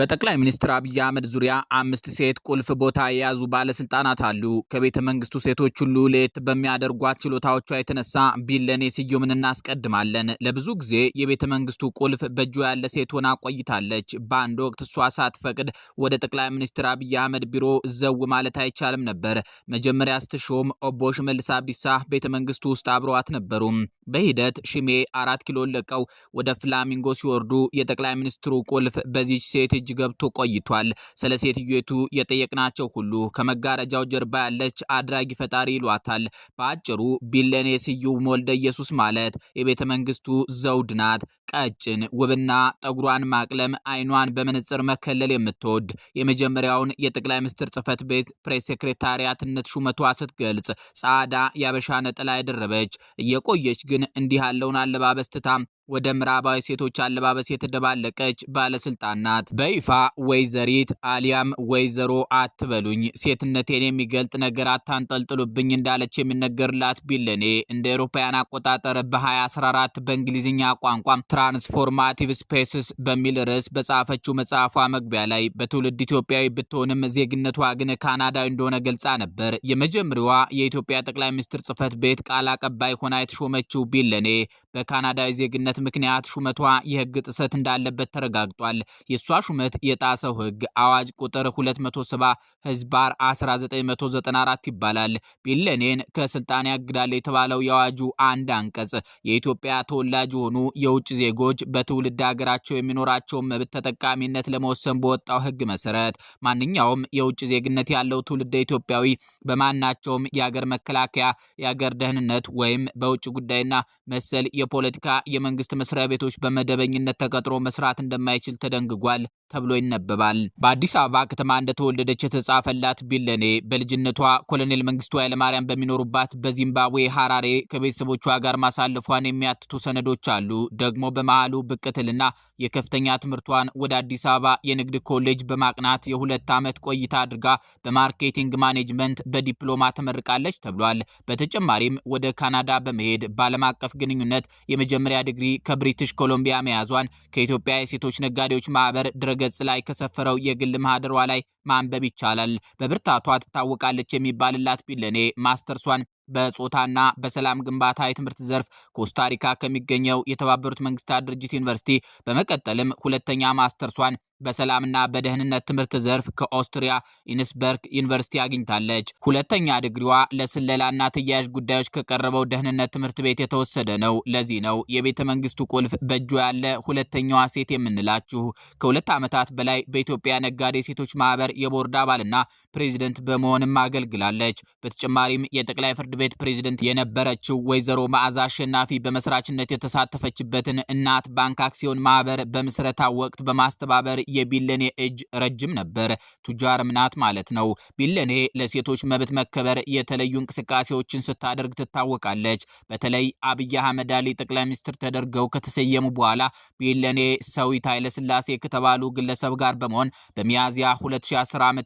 በጠቅላይ ሚኒስትር አብይ አህመድ ዙሪያ አምስት ሴት ቁልፍ ቦታ የያዙ ባለስልጣናት አሉ። ከቤተ መንግስቱ ሴቶች ሁሉ ለየት በሚያደርጓት ችሎታዎቿ የተነሳ ቢለኔ ስዩምን እናስቀድማለን። ለብዙ ጊዜ የቤተ መንግስቱ ቁልፍ በእጇ ያለ ሴት ሆና ቆይታለች። በአንድ ወቅት እሷ ሳትፈቅድ ወደ ጠቅላይ ሚኒስትር አብይ አህመድ ቢሮ ዘው ማለት አይቻልም ነበር። መጀመሪያ ስትሾም ኦቦ ሽመልስ አብዲሳ ቤተ መንግስቱ ውስጥ አብረው አትነበሩም። በሂደት ሽሜ አራት ኪሎ ለቀው ወደ ፍላሚንጎ ሲወርዱ የጠቅላይ ሚኒስትሩ ቁልፍ በዚች ሴት እጅ ገብቶ ቆይቷል። ስለ ሴትዮቱ የጠየቅናቸው ሁሉ ከመጋረጃው ጀርባ ያለች አድራጊ ፈጣሪ ይሏታል። በአጭሩ ቢለኔ ስዩም ወልደ ኢየሱስ ማለት የቤተ መንግስቱ ዘውድ ናት። ቀጭን ውብና ጠጉሯን ማቅለም አይኗን በመነጽር መከለል የምትወድ የመጀመሪያውን የጠቅላይ ሚኒስትር ጽህፈት ቤት ፕሬስ ሴክሬታሪያትነት ሹመቷ ስትገልጽ ጻዳ ያበሻ ነጠላ ያደረበች እየቆየች ግን እንዲህ ያለውን አለባበስ ትታ ወደ ምዕራባዊ ሴቶች አለባበስ የተደባለቀች ባለስልጣን ናት። በይፋ ወይዘሪት አሊያም ወይዘሮ አትበሉኝ፣ ሴትነቴን የሚገልጥ ነገር አታንጠልጥሉብኝ እንዳለች የሚነገርላት ቢለኔ እንደ ኤሮፓውያን አቆጣጠር በ2014 በእንግሊዝኛ ቋንቋ ትራንስፎርማቲቭ ስፔስስ በሚል ርዕስ በጻፈችው መጽሐፏ መግቢያ ላይ በትውልድ ኢትዮጵያዊ ብትሆንም ዜግነቷ ግን ካናዳዊ እንደሆነ ገልጻ ነበር። የመጀመሪዋ የኢትዮጵያ ጠቅላይ ሚኒስትር ጽህፈት ቤት ቃል አቀባይ ሆና የተሾመችው ቢለኔ በካናዳዊ ዜግነት ምክንያት ሹመቷ የህግ ጥሰት እንዳለበት ተረጋግጧል። የእሷ ሹመት የጣሰው ህግ አዋጅ ቁጥር 270 ህዝባር 1994 ይባላል። ቢለኔን ከስልጣን ያግዳል የተባለው የአዋጁ አንድ አንቀጽ የኢትዮጵያ ተወላጅ የሆኑ የውጭ ዜ ዜጎች በትውልድ ሀገራቸው የሚኖራቸውን መብት ተጠቃሚነት ለመወሰን በወጣው ህግ መሰረት ማንኛውም የውጭ ዜግነት ያለው ትውልደ ኢትዮጵያዊ በማናቸውም የአገር መከላከያ፣ የአገር ደህንነት ወይም በውጭ ጉዳይና መሰል የፖለቲካ የመንግስት መስሪያ ቤቶች በመደበኝነት ተቀጥሮ መስራት እንደማይችል ተደንግጓል። ተብሎ ይነበባል። በአዲስ አበባ ከተማ እንደተወለደች የተጻፈላት ቢለኔ በልጅነቷ ኮሎኔል መንግስቱ ኃይለማርያም በሚኖሩባት በዚምባብዌ ሀራሬ ከቤተሰቦቿ ጋር ማሳለፏን የሚያትቱ ሰነዶች አሉ። ደግሞ በመሃሉ ብቅትልና የከፍተኛ ትምህርቷን ወደ አዲስ አበባ የንግድ ኮሌጅ በማቅናት የሁለት ዓመት ቆይታ አድርጋ በማርኬቲንግ ማኔጅመንት በዲፕሎማ ተመርቃለች ተብሏል። በተጨማሪም ወደ ካናዳ በመሄድ በዓለም አቀፍ ግንኙነት የመጀመሪያ ዲግሪ ከብሪትሽ ኮሎምቢያ መያዟን ከኢትዮጵያ የሴቶች ነጋዴዎች ማህበር ድረገ ገጽ ላይ ከሰፈረው የግል ማህደሯ ላይ ማንበብ ይቻላል። በብርታቷ ትታወቃለች የሚባልላት ቢለኔ ማስተርሷን በጾታና በሰላም ግንባታ የትምህርት ዘርፍ ኮስታሪካ ከሚገኘው የተባበሩት መንግስታት ድርጅት ዩኒቨርሲቲ በመቀጠልም ሁለተኛ ማስተርሷን በሰላምና በደህንነት ትምህርት ዘርፍ ከኦስትሪያ ኢንስበርግ ዩኒቨርሲቲ አግኝታለች። ሁለተኛ ድግሪዋ ለስለላና ተያያዥ ጉዳዮች ከቀረበው ደህንነት ትምህርት ቤት የተወሰደ ነው። ለዚህ ነው የቤተ መንግስቱ ቁልፍ በእጇ ያለ ሁለተኛዋ ሴት የምንላችሁ። ከሁለት ዓመታት በላይ በኢትዮጵያ ነጋዴ ሴቶች ማህበር የቦርድ አባልና ፕሬዚደንት በመሆንም አገልግላለች። በተጨማሪም የጠቅላይ ፍርድ ቤት ፕሬዚደንት የነበረችው ወይዘሮ መዓዛ አሸናፊ በመስራችነት የተሳተፈችበትን እናት ባንክ አክሲዮን ማህበር በምስረታ ወቅት በማስተባበር የቢለኔ እጅ ረጅም ነበር። ቱጃር ምናት ማለት ነው። ቢለኔ ለሴቶች መብት መከበር የተለዩ እንቅስቃሴዎችን ስታደርግ ትታወቃለች። በተለይ አብይ አህመድ አሊ ጠቅላይ ሚኒስትር ተደርገው ከተሰየሙ በኋላ ቢለኔ ሰዊት ኃይለስላሴ ከተባሉ ግለሰብ ጋር በመሆን በሚያዝያ 2010 ዓ.ም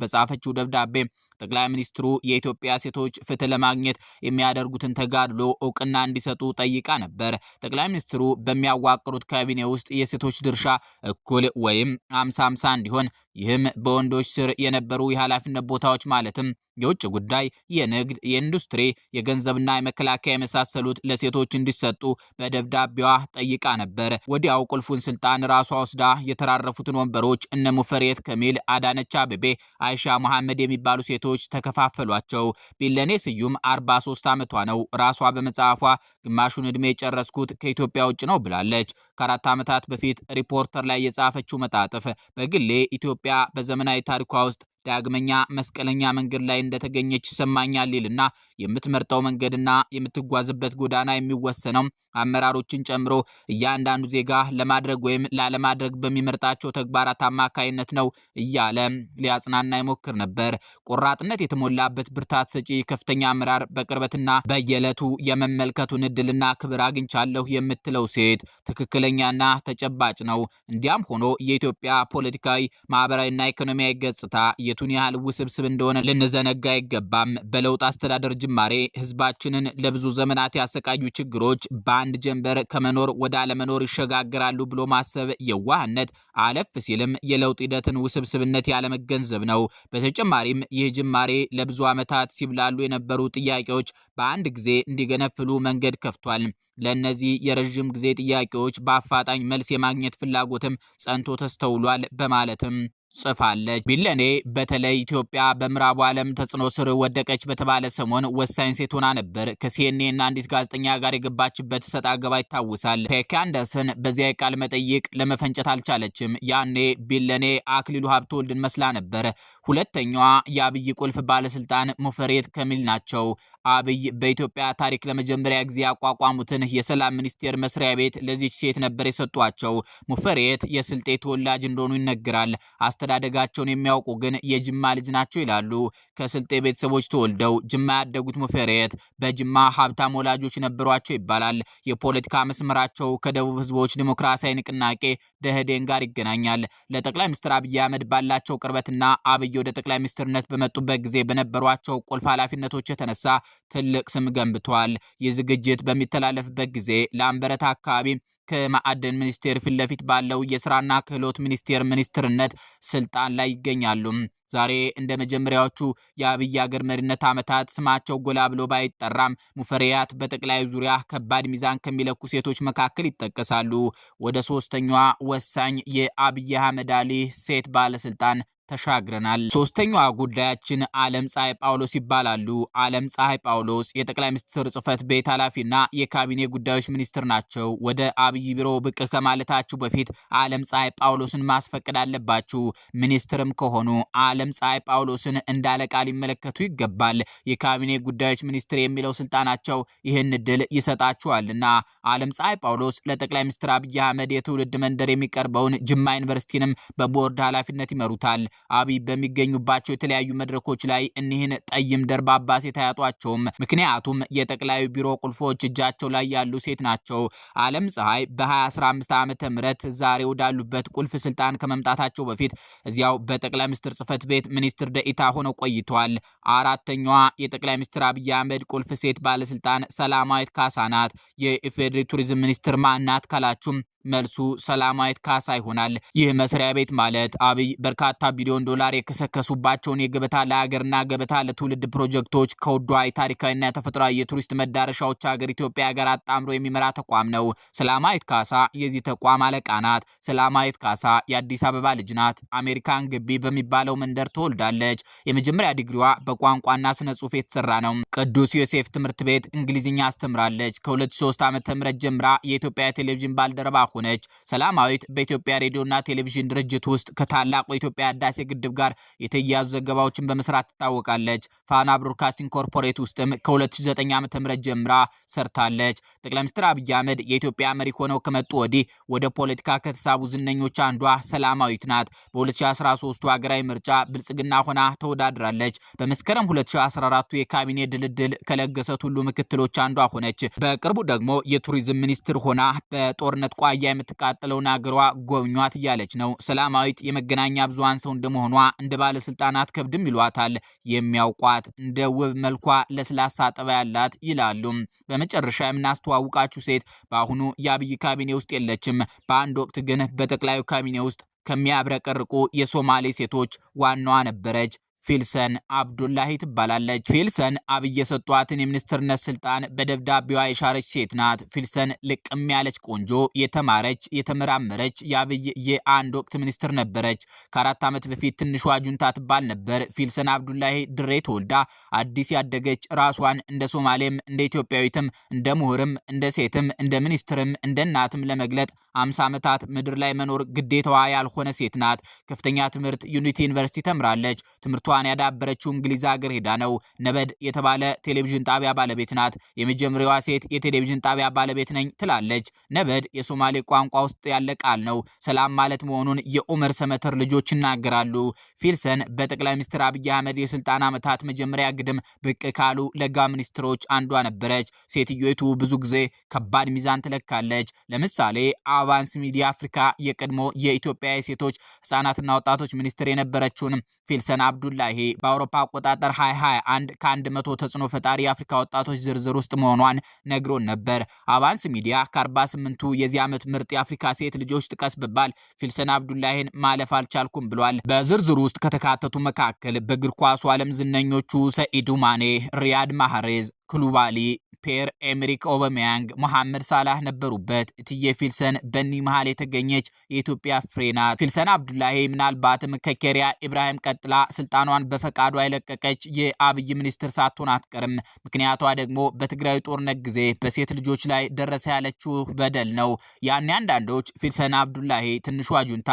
በጻፈችው ደብዳቤ ጠቅላይ ሚኒስትሩ የኢትዮጵያ ሴቶች ፍትህ ለማግኘት የሚያደርጉትን ተጋድሎ እውቅና እንዲሰጡ ጠይቃ ነበር። ጠቅላይ ሚኒስትሩ በሚያዋቅሩት ካቢኔ ውስጥ የሴቶች ድርሻ እኩል ወይም አምሳ አምሳ እንዲሆን ይህም በወንዶች ስር የነበሩ የኃላፊነት ቦታዎች ማለትም የውጭ ጉዳይ፣ የንግድ፣ የኢንዱስትሪ፣ የገንዘብና የመከላከያ የመሳሰሉት ለሴቶች እንዲሰጡ በደብዳቤዋ ጠይቃ ነበር። ወዲያው ቁልፉን ስልጣን ራሷ ወስዳ የተራረፉትን ወንበሮች እነ ሙፈሬት ከሚል፣ አዳነች አቤቤ፣ አይሻ መሐመድ የሚባሉ ሴቶች ተከፋፈሏቸው። ቢለኔ ስዩም 43 ዓመቷ ነው። ራሷ በመጽሐፏ ግማሹን ዕድሜ የጨረስኩት ከኢትዮጵያ ውጭ ነው ብላለች። ከአራት ዓመታት በፊት ሪፖርተር ላይ የጻፈችው መጣጥፍ በግሌ ኢትዮጵያ በዘመናዊ ታሪኳ ውስጥ ዳግመኛ መስቀለኛ መንገድ ላይ እንደተገኘች ይሰማኛል ይልና የምትመርጠው መንገድና የምትጓዝበት ጎዳና የሚወሰነው አመራሮችን ጨምሮ እያንዳንዱ ዜጋ ለማድረግ ወይም ላለማድረግ በሚመርጣቸው ተግባራት አማካይነት ነው እያለ ሊያጽናና ይሞክር ነበር። ቆራጥነት የተሞላበት ብርታት ሰጪ ከፍተኛ አመራር በቅርበትና በየዕለቱ የመመልከቱን እድልና ክብር አግኝቻለሁ የምትለው ሴት ትክክለኛና ተጨባጭ ነው። እንዲያም ሆኖ የኢትዮጵያ ፖለቲካዊ፣ ማህበራዊና ኢኮኖሚያዊ ገጽታ የቱን ያህል ውስብስብ እንደሆነ ልንዘነጋ አይገባም። በለውጥ አስተዳደር ጅማሬ ህዝባችንን ለብዙ ዘመናት ያሰቃዩ ችግሮች በአንድ ጀንበር ከመኖር ወደ አለመኖር ይሸጋግራሉ ብሎ ማሰብ የዋህነት፣ አለፍ ሲልም የለውጥ ሂደትን ውስብስብነት ያለመገንዘብ ነው። በተጨማሪም ይህ ጅማሬ ለብዙ ዓመታት ሲብላሉ የነበሩ ጥያቄዎች በአንድ ጊዜ እንዲገነፍሉ መንገድ ከፍቷል። ለእነዚህ የረዥም ጊዜ ጥያቄዎች በአፋጣኝ መልስ የማግኘት ፍላጎትም ጸንቶ ተስተውሏል በማለትም ጽፋለች። ቢለኔ በተለይ ኢትዮጵያ በምዕራቡ ዓለም ተጽዕኖ ስር ወደቀች በተባለ ሰሞን ወሳኝ ሴት ሆና ነበር። እና አንዲት ጋዜጠኛ ጋር የገባችበት ሰጥ አገባ ይታወሳል። ፔክ አንደርሰን በዚያ የቃል መጠይቅ ለመፈንጨት አልቻለችም። ያኔ ቢለኔ አክሊሉ ሀብተወልድን መስላ ነበር። ሁለተኛዋ የአብይ ቁልፍ ባለስልጣን ሙፈሬት ከሚል ናቸው። አብይ በኢትዮጵያ ታሪክ ለመጀመሪያ ጊዜ ያቋቋሙትን የሰላም ሚኒስቴር መስሪያ ቤት ለዚች ሴት ነበር የሰጧቸው። ሙፈሬት የስልጤ ተወላጅ እንደሆኑ ይነገራል። አስተዳደጋቸውን የሚያውቁ ግን የጅማ ልጅ ናቸው ይላሉ። ከስልጤ ቤተሰቦች ተወልደው ጅማ ያደጉት ሙፈሬት በጅማ ሀብታም ወላጆች ነበሯቸው ይባላል። የፖለቲካ መስመራቸው ከደቡብ ህዝቦች ዲሞክራሲያዊ ንቅናቄ ደህዴን ጋር ይገናኛል። ለጠቅላይ ሚኒስትር አብይ አህመድ ባላቸው ቅርበትና አብይ ወደ ጠቅላይ ሚኒስትርነት በመጡበት ጊዜ በነበሯቸው ቁልፍ ኃላፊነቶች የተነሳ ትልቅ ስም ገንብቷል። ይህ ዝግጅት በሚተላለፍበት ጊዜ ለአንበረት አካባቢ ከማዕድን ሚኒስቴር ፊት ለፊት ባለው የስራና ክህሎት ሚኒስቴር ሚኒስትርነት ስልጣን ላይ ይገኛሉ። ዛሬ እንደ መጀመሪያዎቹ የአብይ አገር መሪነት ዓመታት ስማቸው ጎላ ብሎ ባይጠራም ሙፈሪያት በጠቅላይ ዙሪያ ከባድ ሚዛን ከሚለኩ ሴቶች መካከል ይጠቀሳሉ። ወደ ሶስተኛዋ ወሳኝ የአብይ አህመድ አሊ ሴት ባለስልጣን ተሻግረናል። ሶስተኛዋ ጉዳያችን አለም ፀሐይ ጳውሎስ ይባላሉ። አለም ፀሐይ ጳውሎስ የጠቅላይ ሚኒስትር ጽህፈት ቤት ኃላፊና የካቢኔ ጉዳዮች ሚኒስትር ናቸው። ወደ አብይ ቢሮ ብቅ ከማለታችሁ በፊት አለም ፀሐይ ጳውሎስን ማስፈቀድ አለባችሁ። ሚኒስትርም ከሆኑ አለም ፀሐይ ጳውሎስን እንዳለቃ ሊመለከቱ ይገባል። የካቢኔ ጉዳዮች ሚኒስትር የሚለው ስልጣናቸው ይህን እድል ይሰጣችኋልና። አለም ፀሐይ ጳውሎስ ለጠቅላይ ሚኒስትር አብይ አህመድ የትውልድ መንደር የሚቀርበውን ጅማ ዩኒቨርሲቲንም በቦርድ ኃላፊነት ይመሩታል። አብይ በሚገኙባቸው የተለያዩ መድረኮች ላይ እኒህን ጠይም ደርባባ ሴት አያጧቸውም። ምክንያቱም የጠቅላዩ ቢሮ ቁልፎች እጃቸው ላይ ያሉ ሴት ናቸው። አለም ፀሐይ በ2015 ዓ ምህረት ዛሬ ወዳሉበት ቁልፍ ስልጣን ከመምጣታቸው በፊት እዚያው በጠቅላይ ሚኒስትር ጽህፈት ቤት ሚኒስትር ደኢታ ሆነው ቆይተዋል። አራተኛዋ የጠቅላይ ሚኒስትር አብይ አህመድ ቁልፍ ሴት ባለስልጣን ሰላማዊት ካሳ ናት። የኢፌዴሪ ቱሪዝም ሚኒስትር ማናት ካላችሁም መልሱ ሰላማዊት ካሳ ይሆናል። ይህ መስሪያ ቤት ማለት አብይ በርካታ ቢሊዮን ዶላር የከሰከሱባቸውን የገበታ ለሀገርና ገበታ ለትውልድ ፕሮጀክቶች ከውዷ ታሪካዊና የተፈጥሯዊ የቱሪስት መዳረሻዎች ሀገር ኢትዮጵያ ጋር አጣምሮ የሚመራ ተቋም ነው። ሰላማዊት ካሳ የዚህ ተቋም አለቃ ናት። ሰላማዊት ካሳ የአዲስ አበባ ልጅ ናት። አሜሪካን ግቢ በሚባለው መንደር ትወልዳለች። የመጀመሪያ ዲግሪዋ በቋንቋና ስነ ጽሁፍ የተሰራ ነው። ቅዱስ ዮሴፍ ትምህርት ቤት እንግሊዝኛ አስተምራለች። ከ2003 ዓ ም ጀምራ የኢትዮጵያ ቴሌቪዥን ባልደረባ ሆነች። ሰላማዊት በኢትዮጵያ ሬዲዮና ቴሌቪዥን ድርጅት ውስጥ ከታላቁ የኢትዮጵያ ህዳሴ ግድብ ጋር የተያያዙ ዘገባዎችን በመስራት ትታወቃለች። ፋና ብሮድካስቲንግ ኮርፖሬት ውስጥም ከ2009 ም ጀምራ ሰርታለች። ጠቅላይ ሚኒስትር አብይ አህመድ የኢትዮጵያ መሪ ሆነው ከመጡ ወዲህ ወደ ፖለቲካ ከተሳቡ ዝነኞች አንዷ ሰላማዊት ናት። በ2013 ሀገራዊ ምርጫ ብልጽግና ሆና ተወዳድራለች። በመስከረም 2014 የካቢኔ ድልድል ከለገሰት ሁሉ ምክትሎች አንዷ ሆነች። በቅርቡ ደግሞ የቱሪዝም ሚኒስትር ሆና በጦርነት ቋ በአህያ የምትቃጠለውን አገሯ ጎብኟት እያለች ነው። ሰላማዊት የመገናኛ ብዙሃን ሰው እንደመሆኗ እንደ ባለስልጣናት ከብድም ይሏታል የሚያውቋት። እንደ ውብ መልኳ ለስላሳ ጠባ ያላት ይላሉ። በመጨረሻ የምናስተዋውቃችሁ ሴት በአሁኑ የአብይ ካቢኔ ውስጥ የለችም። በአንድ ወቅት ግን በጠቅላዩ ካቢኔ ውስጥ ከሚያብረቀርቁ የሶማሌ ሴቶች ዋናዋ ነበረች። ፊልሰን አብዱላሂ ትባላለች። ፊልሰን አብይ የሰጧትን የሚኒስትርነት ስልጣን በደብዳቤዋ የሻረች ሴት ናት። ፊልሰን ልቅም ያለች ቆንጆ፣ የተማረች፣ የተመራመረች የአብይ የአንድ ወቅት ሚኒስትር ነበረች። ከአራት ዓመት በፊት ትንሿ ጁንታ ትባል ነበር። ፊልሰን አብዱላሂ ድሬ ተወልዳ አዲስ ያደገች ራሷን እንደ ሶማሌም እንደ ኢትዮጵያዊትም እንደ ምሁርም እንደ ሴትም እንደ ሚኒስትርም እንደ እናትም ለመግለጥ አምሳ ዓመታት ምድር ላይ መኖር ግዴታዋ ያልሆነ ሴት ናት። ከፍተኛ ትምህርት ዩኒቲ ዩኒቨርሲቲ ተምራለች። ትምህርቷን ያዳበረችው እንግሊዝ ሀገር ሄዳ ነው። ነበድ የተባለ ቴሌቪዥን ጣቢያ ባለቤት ናት። የመጀመሪያዋ ሴት የቴሌቪዥን ጣቢያ ባለቤት ነኝ ትላለች። ነበድ የሶማሌ ቋንቋ ውስጥ ያለ ቃል ነው። ሰላም ማለት መሆኑን የኡመር ሰመተር ልጆች ይናገራሉ። ፊልሰን በጠቅላይ ሚኒስትር አብይ አህመድ የስልጣን ዓመታት መጀመሪያ ግድም ብቅ ካሉ ለጋ ሚኒስትሮች አንዷ ነበረች። ሴትዮቱ ብዙ ጊዜ ከባድ ሚዛን ትለካለች። ለምሳሌ አቫንስ ሚዲያ አፍሪካ የቀድሞ የኢትዮጵያ የሴቶች ህጻናትና ወጣቶች ሚኒስትር የነበረችውን ፊልሰን አብዱላሂ በአውሮፓ አቆጣጠር 2021 ከአንድ መቶ ተጽዕኖ ፈጣሪ የአፍሪካ ወጣቶች ዝርዝር ውስጥ መሆኗን ነግሮን ነበር። አቫንስ ሚዲያ ከ48ቱ የዚህ ዓመት ምርጥ የአፍሪካ ሴት ልጆች ጥቀስ ብባል ፊልሰን አብዱላሂን ማለፍ አልቻልኩም ብሏል። በዝርዝሩ ውስጥ ከተካተቱ መካከል በእግር ኳሱ ዓለም ዝነኞቹ ሰኢዱ ማኔ፣ ሪያድ ማህሬዝ፣ ኩሉባሊ፣ ፔር ኤምሪክ ኦበሚያንግ፣ መሐመድ ሳላህ ነበሩበት። እትዬ ፊልሰን በኒ መሃል የተገኘች የኢትዮጵያ ፍሬ ናት። ፊልሰን አብዱላሂ ምናልባትም ከኬሪያ ኢብራሂም ቀጥላ ስልጣኗን በፈቃዷ የለቀቀች የአብይ ሚኒስትር ሳትሆን አትቀርም። ምክንያቷ ደግሞ በትግራይ ጦርነት ጊዜ በሴት ልጆች ላይ ደረሰ ያለችው በደል ነው። ያኔ አንዳንዶች ፊልሰን አብዱላሂ ትንሿ ጁንታ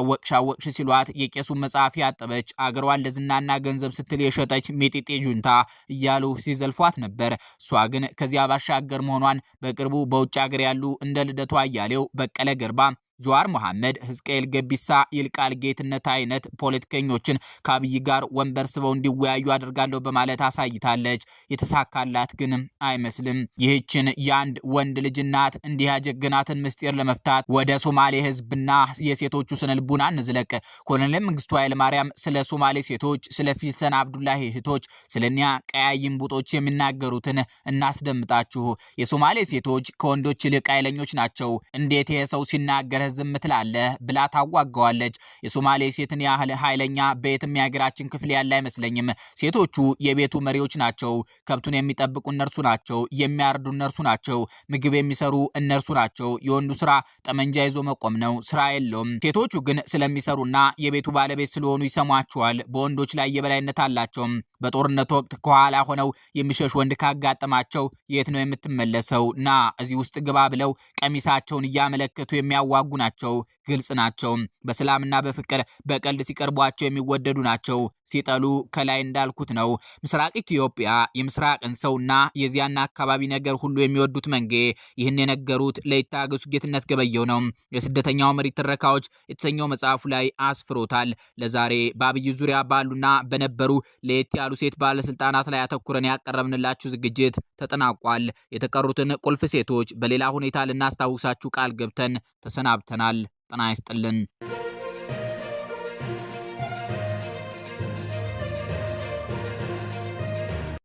አወቅሽ አወቅሽ ሲሏት የቄሱን መጽሐፍ ያጠበች አገሯን ለዝናና ገንዘብ ስትል የሸጠች ሚጢጤ ጁንታ እያሉ ሲዘልፏት ነበር። ነበር። እሷ ግን ከዚያ ባሻገር መሆኗን በቅርቡ በውጭ ሀገር ያሉ እንደ ልደቱ አያሌው፣ በቀለ ገርባ ጀዋር መሐመድ፣ ህዝቅኤል ገቢሳ፣ ይልቃል ጌትነት አይነት ፖለቲከኞችን ከአብይ ጋር ወንበር ስበው እንዲወያዩ አድርጋለሁ በማለት አሳይታለች። የተሳካላት ግን አይመስልም። ይህችን የአንድ ወንድ ልጅ እናት እንዲህ ያጀግናትን ምስጢር ለመፍታት ወደ ሶማሌ ህዝብና የሴቶቹ ስነልቡና ንዝለቅ እንዝለቅ። ኮሎኔል መንግስቱ ኃይለማርያም ስለ ሶማሌ ሴቶች፣ ስለ ፊልሰን አብዱላሂ እህቶች፣ ስለ ኒያ ቀያይም ቡጦች የሚናገሩትን እናስደምጣችሁ። የሶማሌ ሴቶች ከወንዶች ይልቅ ኃይለኞች ናቸው። እንዴት ይሄ ሰው ሲናገር ዝም ትላለህ ብላ ታዋገዋለች። የሶማሌ ሴትን ያህል ኃይለኛ በየትም የሀገራችን ክፍል ያለ አይመስለኝም። ሴቶቹ የቤቱ መሪዎች ናቸው። ከብቱን የሚጠብቁ እነርሱ ናቸው። የሚያርዱ እነርሱ ናቸው። ምግብ የሚሰሩ እነርሱ ናቸው። የወንዱ ስራ ጠመንጃ ይዞ መቆም ነው፣ ስራ የለውም። ሴቶቹ ግን ስለሚሰሩና የቤቱ ባለቤት ስለሆኑ ይሰሟቸዋል። በወንዶች ላይ የበላይነት አላቸው። በጦርነት ወቅት ከኋላ ሆነው የሚሸሽ ወንድ ካጋጠማቸው የት ነው የምትመለሰው? ና እዚህ ውስጥ ግባ ብለው ቀሚሳቸውን እያመለከቱ የሚያዋጉ 那周。ግልጽ ናቸው። በሰላምና በፍቅር በቀልድ ሲቀርቧቸው የሚወደዱ ናቸው። ሲጠሉ ከላይ እንዳልኩት ነው። ምስራቅ ኢትዮጵያ የምስራቅን ሰውና የዚያና አካባቢ ነገር ሁሉ የሚወዱት መንጌ ይህን የነገሩት ለይታገሱ ጌትነት ገበየው ነው። የስደተኛው መሪ ትረካዎች የተሰኘው መጽሐፉ ላይ አስፍሮታል። ለዛሬ በአብይ ዙሪያ ባሉና በነበሩ ለየት ያሉ ሴት ባለስልጣናት ላይ አተኩረን ያቀረብንላችሁ ዝግጅት ተጠናቋል። የተቀሩትን ቁልፍ ሴቶች በሌላ ሁኔታ ልናስታውሳችሁ ቃል ገብተን ተሰናብተናል። ጤና ይስጥልን።